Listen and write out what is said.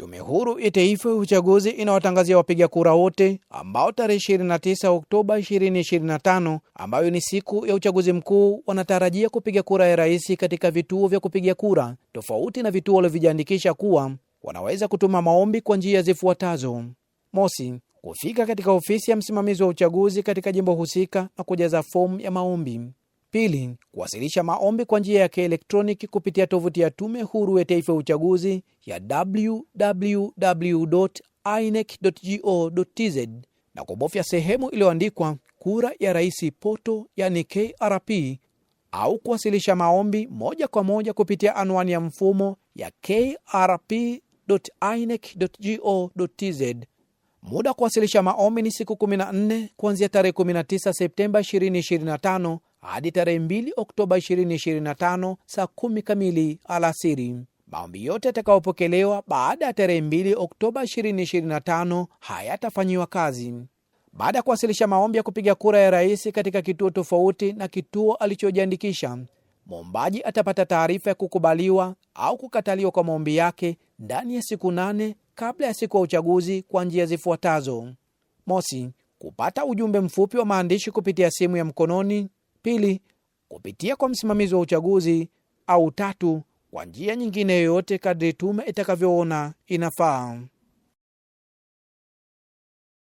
Tume Huru ya Taifa ya Uchaguzi inawatangazia wapiga kura wote ambao tarehe 29 Oktoba 2025 ambayo ni siku ya uchaguzi mkuu wanatarajia kupiga kura ya rais katika vituo vya kupiga kura tofauti na vituo walivyojiandikisha kuwa wanaweza kutuma maombi kwa njia zifuatazo: mosi, kufika katika ofisi ya msimamizi wa uchaguzi katika jimbo husika na kujaza fomu ya maombi; Pili, kuwasilisha maombi kwa njia ya kielektroniki kupitia tovuti ya Tume Huru ya Taifa ya Uchaguzi ya www.inec.go.tz na kubofya sehemu iliyoandikwa kura ya rais poto, yani KRP, au kuwasilisha maombi moja kwa moja kupitia anwani ya mfumo ya krp.inec.go.tz. Muda wa kuwasilisha maombi ni siku 14 kuanzia tarehe 19 Septemba 2025 hadi tarehe 2 Oktoba 2025 saa kumi kamili alasiri. Maombi yote yatakayopokelewa baada ya tarehe 2 Oktoba 2025 hayatafanyiwa kazi. Baada ya kuwasilisha maombi ya kupiga kura ya rais katika kituo tofauti na kituo alichojiandikisha, mwombaji atapata taarifa ya kukubaliwa au kukataliwa kwa maombi yake ndani ya siku nane kabla ya siku ya uchaguzi kwa njia zifuatazo: mosi, kupata ujumbe mfupi wa maandishi kupitia simu ya mkononi Pili, kupitia kwa msimamizi wa uchaguzi, au tatu, kwa njia nyingine yoyote kadri tume itakavyoona inafaa.